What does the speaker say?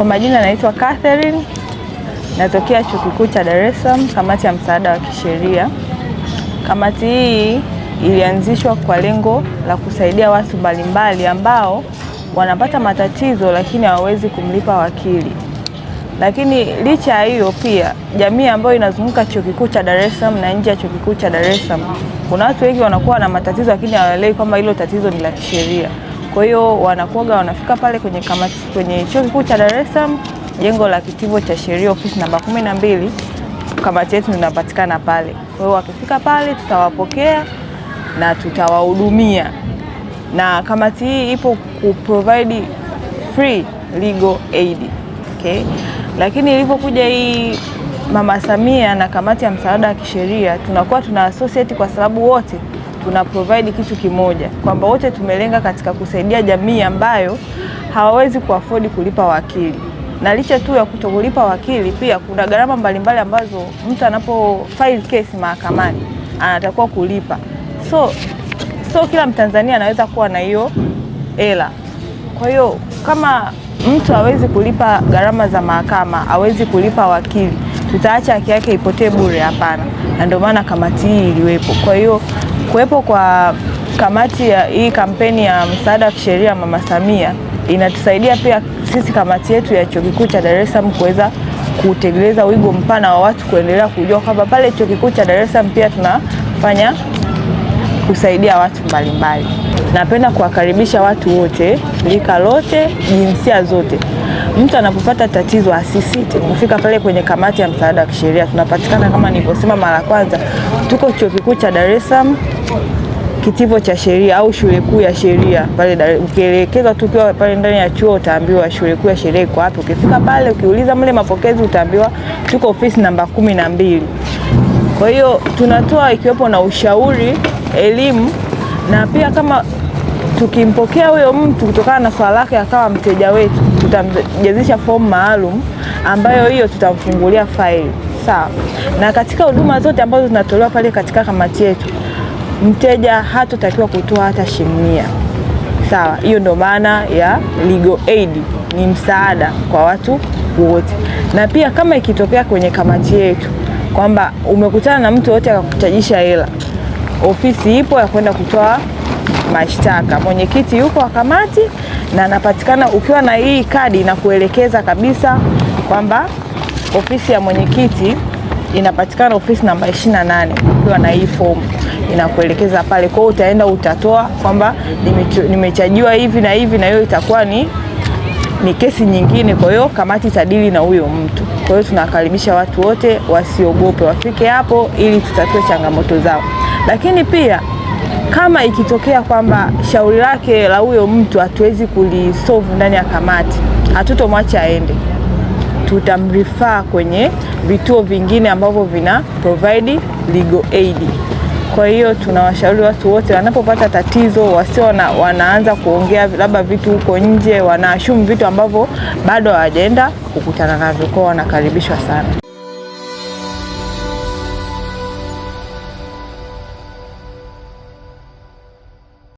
Kwa majina naitwa Catherine, natokea Chuo Kikuu cha Dar es Salaam, kamati ya msaada wa kisheria. Kamati hii ilianzishwa kwa lengo la kusaidia watu mbalimbali ambao wanapata matatizo lakini hawawezi kumlipa wakili. Lakini licha ya hiyo, pia jamii ambayo inazunguka Chuo Kikuu cha Dar es Salaam na nje ya Chuo Kikuu cha Dar es Salaam, kuna watu wengi wanakuwa na matatizo lakini hawaelewi kwamba hilo tatizo ni la kisheria. Kwa hiyo wanakuoga wanafika pale kwenye kamati, kwenye chuo kikuu cha Dar es Salaam, jengo la kitivo cha sheria, ofisi namba kumi na mbili, kamati yetu inapatikana pale. Kwa hiyo wakifika pale tutawapokea na tutawahudumia, na kamati hii ipo ku provide free legal aid okay. Lakini ilipokuja hii Mama Samia na kamati ya msaada wa kisheria, tunakuwa tuna associate kwa sababu wote tuna provide kitu kimoja kwamba wote tumelenga katika kusaidia jamii ambayo hawawezi kuafodi kulipa wakili, na licha tu ya kutokulipa wakili, pia kuna gharama mbalimbali ambazo mtu anapo file case mahakamani anatakiwa kulipa. So so kila Mtanzania anaweza kuwa na hiyo hela. Kwa hiyo kama mtu hawezi kulipa gharama za mahakama, hawezi kulipa wakili, tutaacha haki yake ipotee bure? Hapana na ndio maana kamati hii iliwepo. Kwa hiyo kuwepo kwa kamati ya hii kampeni ya msaada wa kisheria Mama Samia inatusaidia pia sisi kamati yetu ya Chuo Kikuu cha Dar es Salaam kuweza kutegeleza wigo mpana wa watu kuendelea kujua kwamba pale Chuo Kikuu cha Dar es Salaam pia tunafanya kusaidia watu mbalimbali mbali. Napenda kuwakaribisha watu wote, lika lote, jinsia zote. Mtu anapopata tatizo asisite kufika pale kwenye kamati ya msaada wa kisheria. Tunapatikana kama nilivyosema mara kwanza, tuko chuo kikuu cha Dar es Salaam kitivo cha sheria au shule kuu ya sheria pale. Ukielekezwa tu ukiwa pale ndani ya chuo utaambiwa shule kuu ya sheria iko wapi. Ukifika pale, ukiuliza mle mapokezi, utaambiwa tuko ofisi namba kumi na mbili. Kwa hiyo tunatoa ikiwepo na ushauri, elimu na pia kama tukimpokea huyo mtu kutokana na swala lake akawa mteja wetu, tutamjazisha fomu maalum ambayo hiyo tutamfungulia faili sawa. Na katika huduma zote ambazo zinatolewa pale katika kamati yetu, mteja hatotakiwa kutoa hata shilingi mia. Sawa, hiyo ndio maana ya legal aid, ni msaada kwa watu wote. Na pia kama ikitokea kwenye kamati yetu kwamba umekutana na mtu yote akakuchajisha hela ofisi ipo ya kwenda kutoa mashtaka, mwenyekiti yuko wa kamati na anapatikana. Ukiwa na hii kadi inakuelekeza kabisa kwamba ofisi ya mwenyekiti inapatikana ofisi namba 28. Ukiwa na hii fomu inakuelekeza pale, kwa hiyo utaenda utatoa kwamba nimechajiwa hivi na hivi, na hiyo itakuwa ni ni kesi nyingine. Kwa hiyo kamati itadili na huyo mtu. Kwa hiyo tunawakaribisha watu wote wasiogope, wafike hapo ili tutatue changamoto zao. Lakini pia kama ikitokea kwamba shauri lake la huyo mtu hatuwezi kulisolve ndani ya kamati, hatutomwacha aende, tutamrifaa kwenye vituo vingine ambavyo vina provide legal aid. Kwa hiyo tunawashauri watu wote wanapopata tatizo wasio na, wanaanza kuongea labda vitu huko nje, wanaashumu vitu ambavyo bado hawajaenda kukutana navyo, kwao wanakaribishwa sana.